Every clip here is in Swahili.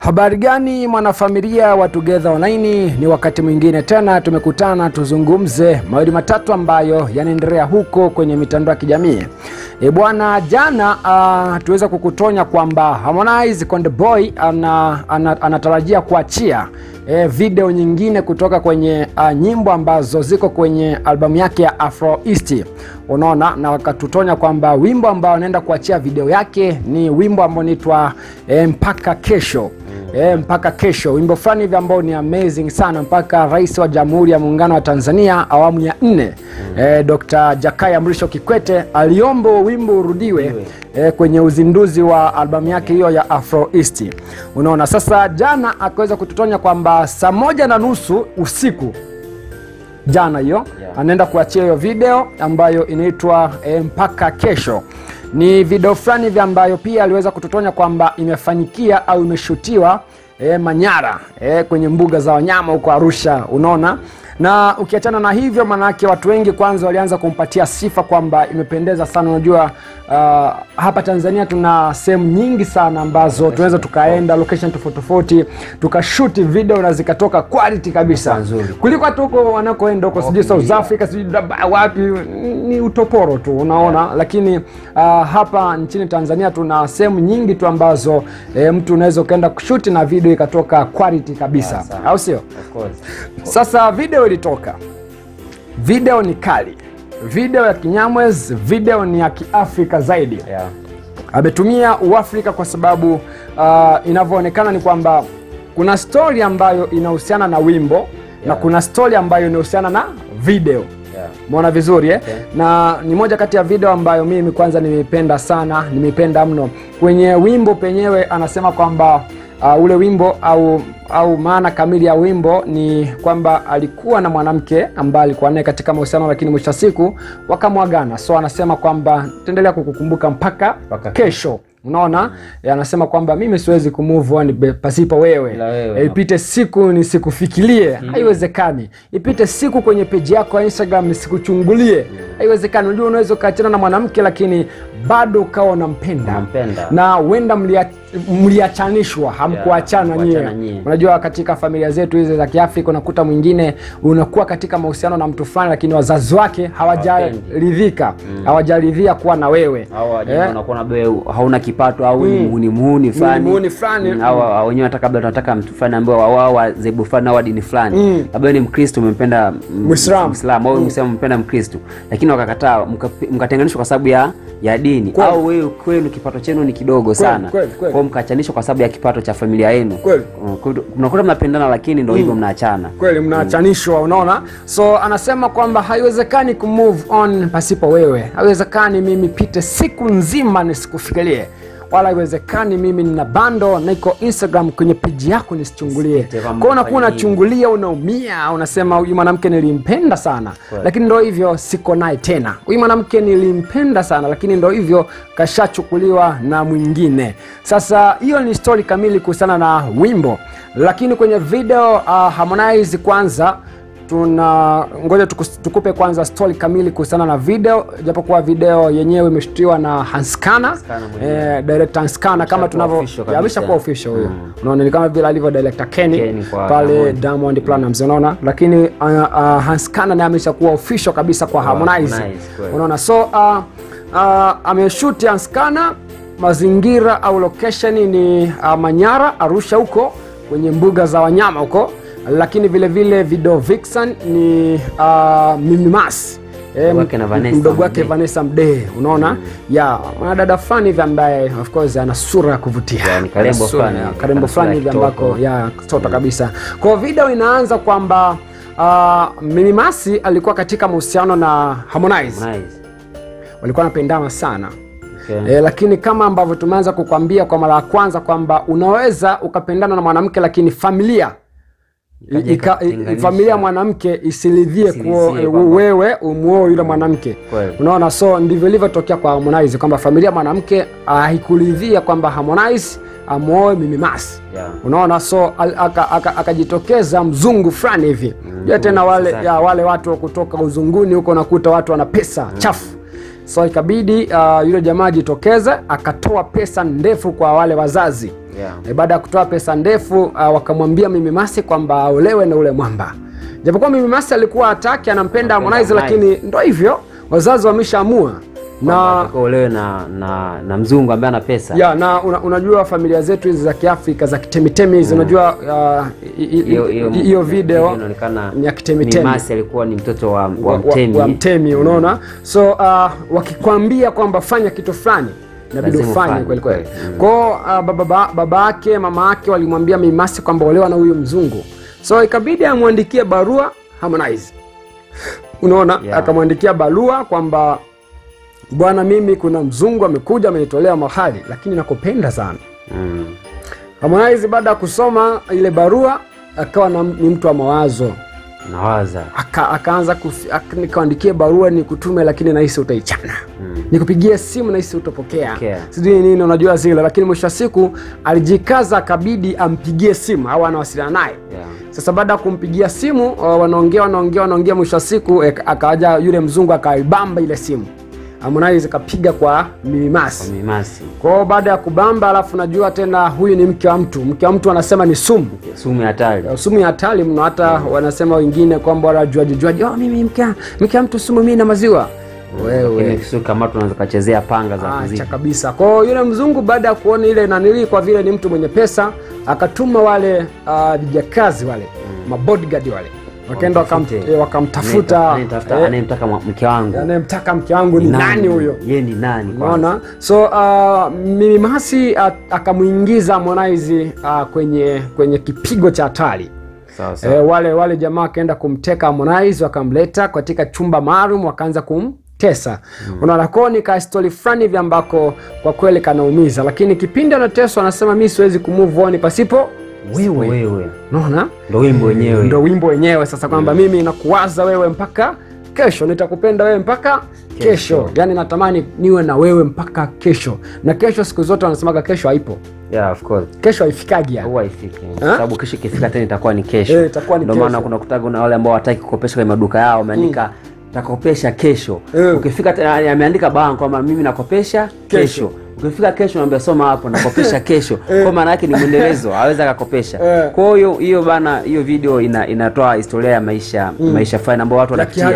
Habari gani mwanafamilia wa Together Online, ni wakati mwingine tena tumekutana tuzungumze mawili matatu ambayo yanaendelea huko kwenye mitandao ya kijamii. E bwana, jana uh, tuweza kukutonya kwamba Harmonize Konde Boy anatarajia ana, ana kuachia e, video nyingine kutoka kwenye a, nyimbo ambazo ziko kwenye albamu yake ya Afro East, unaona, na wakatutonya kwamba wimbo ambao anaenda kuachia video yake ni wimbo ambao unaitwa e, mpaka kesho. E, mpaka kesho wimbo fulani hivi ambao ni amazing sana mpaka Rais wa Jamhuri ya Muungano wa Tanzania awamu ya nne mm. e, eh, Dr. Jakaya Mrisho Kikwete aliomba wimbo urudiwe e, kwenye uzinduzi wa albamu yake hiyo ya Afro East. Unaona, sasa jana akaweza kututonya kwamba saa moja na nusu usiku jana hiyo yeah. anaenda kuachia hiyo video ambayo inaitwa e, mpaka kesho ni video fulani hivi ambayo pia aliweza kutotonya kwamba imefanikia au imeshutiwa e, Manyara e, kwenye mbuga za wanyama huko Arusha, unaona na ukiachana na hivyo, manake watu wengi kwanza walianza kumpatia sifa kwamba imependeza sana. Unajua uh, hapa Tanzania tuna sehemu nyingi sana ambazo tunaweza tukaenda location tofauti tofauti tukashuti video na zikatoka quality kabisa nzuri kuliko hata huko wanakoenda huko, sijui South Africa, sijui wapi, ni utoporo tu unaona yeah. Lakini uh, hapa nchini Tanzania tuna sehemu nyingi tu ambazo eh, mtu unaweza ukaenda kushuti na video ikatoka quality kabisa, au sio? Sasa video ilitoka, video ni kali, video ya kinyamwez video ni ya Kiafrika zaidi yeah. Ametumia Uafrika kwa sababu uh, inavyoonekana ni kwamba kuna stori ambayo inahusiana na wimbo yeah. na kuna stori ambayo inahusiana na video yeah. Mwona vizuri eh? Okay. Na ni moja kati ya video ambayo mimi kwanza nimeipenda sana, nimeipenda mno. Kwenye wimbo penyewe anasema kwamba uh, ule wimbo au au maana kamili ya wimbo ni kwamba alikuwa na mwanamke ambaye alikuwa naye katika mahusiano, lakini mwisho wa siku wakamwagana. So anasema kwamba tutaendelea kukukumbuka mpaka, mpaka kesho. Unaona mm. Anasema kwamba mimi siwezi kumove on pasipo wewe, wewe. E, ipite siku nisikufikirie mm. Haiwezekani. Ipite siku kwenye peji yako ya Instagram nisikuchungulie mm. Haiwezekani. Unajua, unaweza ukaachana na mwanamke lakini bado ukawa unampenda na huenda mlia mliachanishwa hamkuachana yeah, nyie. Unajua, katika familia zetu hizi za Kiafrika unakuta mwingine unakuwa katika mahusiano na mtu fulani, lakini wazazi wake hawajaridhika mm. hawajaridhia kuwa eh? na wewe hauna kipato au mm. ni muhuni fulani fulani mm, wenyewe, hata kabla tunataka mtu fulani ambaye wao zebu fulani au dini fulani, mm. labda ni Mkristo umempenda Muislamu au umempenda Mkristo, lakini wakakataa mkatenganishwa kwa sababu ya ya dini kweli. au wewe kwenu kipato chenu ni kidogo sana kwao mkaachanishwa kwa sababu ya kipato cha familia yenu mm, mnakuta mnapendana lakini ndo hivyo mm. mnaachana kweli mnaachanishwa mm. unaona so anasema kwamba haiwezekani kumove on pasipo wewe haiwezekani mimi pite siku nzima nisikufikirie wala iwezekani Mimi nina bando, niko Instagram kwenye peji yako nisichungulie. Kwa unakuwa unachungulia, unaumia, unasema huyu mwanamke nilimpenda sana Kwe. Lakini ndo hivyo, siko naye tena. Huyu mwanamke nilimpenda sana, lakini ndo hivyo, kashachukuliwa na mwingine. Sasa hiyo ni stori kamili kuhusiana na wimbo, lakini kwenye video uh, Harmonize kwanza tuna ngoja tukupe kwanza stori kamili kuhusiana na video, japokuwa video yenyewe imeshutiwa na Hanskana, eh, director Hanskana kama kuwa official huyo, unaona mm. ni kama vile alivyo director Kenny pale Diamond mm. Platnumz, unaona lakini uh, uh, Hanskana naye ameshakuwa official kabisa kwa Harmonize, unaona so uh, uh, ameshuti Hanskana mazingira au location ni uh, Manyara Arusha huko kwenye mbuga za wanyama huko lakini vile vile Video Vixen ni uh, ah, Mimimas eh, mdogo wake Vanessa Mdee, unaona mm. ya mwanadada fulani hivi ambaye ofcouse ana sura ya kuvutia karembo fulani hivi ambako ya toto mm. kabisa. kwao video inaanza kwamba uh, ah, Minimasi alikuwa katika mahusiano na Harmonize, walikuwa anapendana sana okay. E, lakini kama ambavyo tumeanza kukwambia kwa mara ya kwanza kwamba unaweza ukapendana na mwanamke lakini familia familia ya mwanamke isiridhie eh, wewe umuoe yule mwanamke unaona. So ndivyo ilivyotokea kwa Harmonize kwamba familia ya mwanamke haikuridhia kwamba Harmonize amuoe Mimi Masi yeah. Unaona, so akajitokeza aka, aka mzungu fulani hivi mm, tena wale, ya, wale watu kutoka uzunguni huko nakuta watu wana pesa mm, chafu so ikabidi uh, yule jamaa ajitokeze akatoa pesa ndefu kwa wale wazazi yeah. baada ya kutoa pesa ndefu uh, wakamwambia Mimimasi kwamba aolewe na ule mwamba, japokuwa Mimimasi alikuwa hataki, anampenda Harmonize, lakini ndo hivyo wazazi wameshaamua na olewe na, na, na mzungu ambaye ana pesa ya, na una, unajua familia zetu hizi za Kiafrika za kitemitemi hizi mm. Unajua ah, hiyo uh, video ni ya kitemitemi. alikuwa ni mtoto wa, wa, wa mtemi, wa, wa mtemi unaona, so uh, wakikwambia kwamba fanya kitu fulani inabidi ufanye kweli kweli kwao uh, ah, baba, yake mama yake walimwambia mimasi kwamba olewa na huyu mzungu so ikabidi amwandikie barua harmonize unaona yeah. akamwandikia barua kwamba bwana mimi kuna mzungu amekuja amenitolea mahali lakini nakupenda sana mm. harmonize baada ya kusoma ile barua akawa ni mtu wa mawazo nawaza akaanza aka nikaandikia barua kutume lakini nahisi utaichana mm. nikupigia simu nahisi utopokea okay. sijui nini, unajua zile. Lakini mwisho wa siku alijikaza, akabidi ampigie simu au anawasiliana naye yeah. Sasa baada ya kumpigia simu uh, wanaongea wanaongea wanaongea, mwisho wa siku e, akaja yule mzungu akaibamba ile simu Harmonize kapiga kwa mimasi. Kwa hiyo baada ya kubamba, alafu najua tena huyu ni mke wa mtu. Mke wa mtu anasema ni sumu, sumu ya hatari, sumu ya hatari mno. Hata mm. wanasema wengine kwamba wala juaji juaji, oh, mimi mke mke wa mtu sumu, mimi na maziwa mm, wewe kachezea panga za kuzicha kabisa. Kwa hiyo yule mzungu baada ya kuona ile nanili, kwa vile ni mtu mwenye pesa, akatuma wale ah, vijakazi uh, wale mm. mabodyguard wale wakaenda wakamtafuta eh, anayemtaka mke wangu anayemtaka mke wangu ni nani huyo ye ni nani so uh, mimi masi uh, akamwingiza uh, kwenye kwenye kipigo cha hatari E, wale wale jamaa wakaenda kumteka Harmonize wakamleta katika chumba maalum wakaanza kum tesa mm. unaona ka stori fulani hivi ambako kwa kweli kanaumiza lakini kipindi anateswa anasema mi siwezi kumove on pasipo wewe, wewe. Unaona? Ndo wimbo wenyewe. Ndio wimbo wenyewe sasa kwamba mimi nakuwaza wewe mpaka kesho nitakupenda wewe mpaka kesho, kesho. Yani natamani niwe na wewe mpaka kesho, na kesho siku zote wanasemaga kesho haipo. Yeah, of course. Kesho haifikaji huwa haifiki, eh? sababu kesho ikifika tena itakuwa ni kesho. Eh, itakuwa ni ndio maana kuna kutaga na wale ambao wataki kukopesha kwenye maduka yao wameandika mm. takopesha kesho. Eh. Ukifika tena yaani ameandika bango kwamba mimi nakopesha kesho, kesho ukifika kesho naambia soma hapo nakopesha kesho eh. kwa maana yake ni mwendelezo aweza akakopesha eh. kwa hiyo hiyo bana hiyo video ina, inatoa historia ya maisha mm. maisha fani ambao watu wanapitia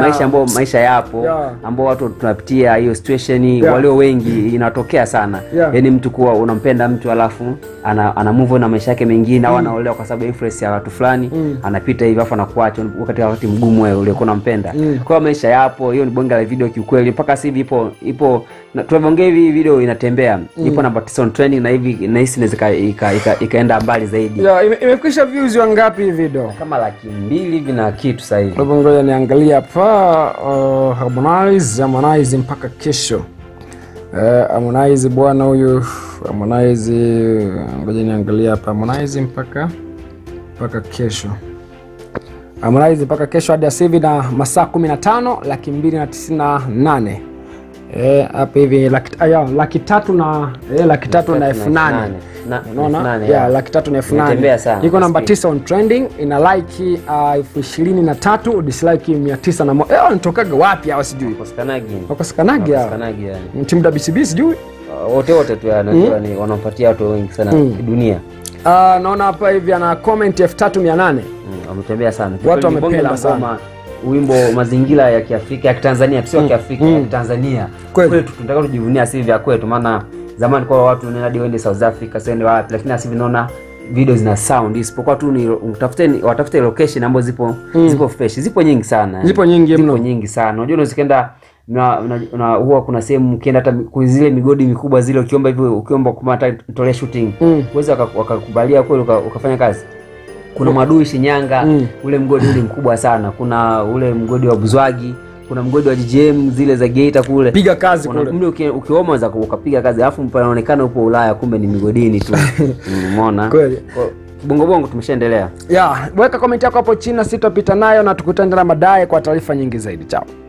maisha ambao maisha yapo yeah. ambao watu tunapitia hiyo situation yeah. walio wengi inatokea sana yeah. yani mtu kuwa unampenda mtu alafu ana, ana move na maisha yake mengine au mm. anaolewa kwa sababu influence ya watu fulani mm. anapita hivi afu anakuacha katika wakati mgumu wewe uliokuwa unampenda mm. kwa maisha yapo hiyo ni bonga la video kiukweli mpaka sasa hivi ipo ipo tunavyoongea hivi video inatembea mm. ipo namba tisa on trending na hivi nahisi inaweza ikaenda ika, ika mbali zaidi yeah, imekwisha views wangapi hivi do kama laki mbili hivi na kitu sasa hivi ngoja niangalia hapa uh, Harmonize Harmonize mpaka kesho Uh, Harmonize bwana huyu Harmonize, ngoja niangalia hapa Harmonize mpaka mpaka kesho Harmonize mpaka kesho hadi sasa hivi na masaa 15 laki mbili na tisini na nane Eh, hapa e, hivi ah, laki tatu na e, laki tatu na elfu nane unaona yeah, laki tatu na elfu nane iko namba tisa on trending ina like ah, elfu uh, ishirini na tatu dislike mia tisa na moja eh, wanatokaga wapi hawa sijui wakosikanagi timu WCB sijui uh, wote wote tu hmm? wanampatia watu wengi sana hmm. dunia Uh, ah, naona hapa hivi ana comment elfu tatu mia nane hmm, wametembea sana watu wamependa sana wimbo mazingira ya Kiafrika ya Kitanzania, sio mm. Kiafrika mm. ya Kitanzania kwetu, tunataka tujivunia asili vya kwetu, maana zamani kwa watu nadi waende South Africa siende wapi, lakini asili naona video zina sound, isipokuwa tu ni utafute watafute location ambazo zipo mm. zipo fresh, zipo nyingi sana, zipo nyingi mno, zipo nyingi sana. Unajua unaweza kenda na, na, na huwa kuna sehemu ukienda hata zile migodi mikubwa zile, ukiomba hivyo, ukiomba kama hata nitolee shooting mm. uweza wakakubalia kweli, ukafanya kazi kuna madui Shinyanga mm. ule mgodi ule mkubwa sana, kuna ule mgodi wa Buzwagi, kuna mgodi wa GGM zile za Geita kule, piga kazi kuna kule uki, za ukapiga kazi, alafu panaonekana upo Ulaya, kumbe ni migodini tu umeona kweli. Bongo bongo ya Yeah, weka komenti yako hapo chini, sitopita nayo na tukutane madaye kwa taarifa nyingi zaidi. Chao.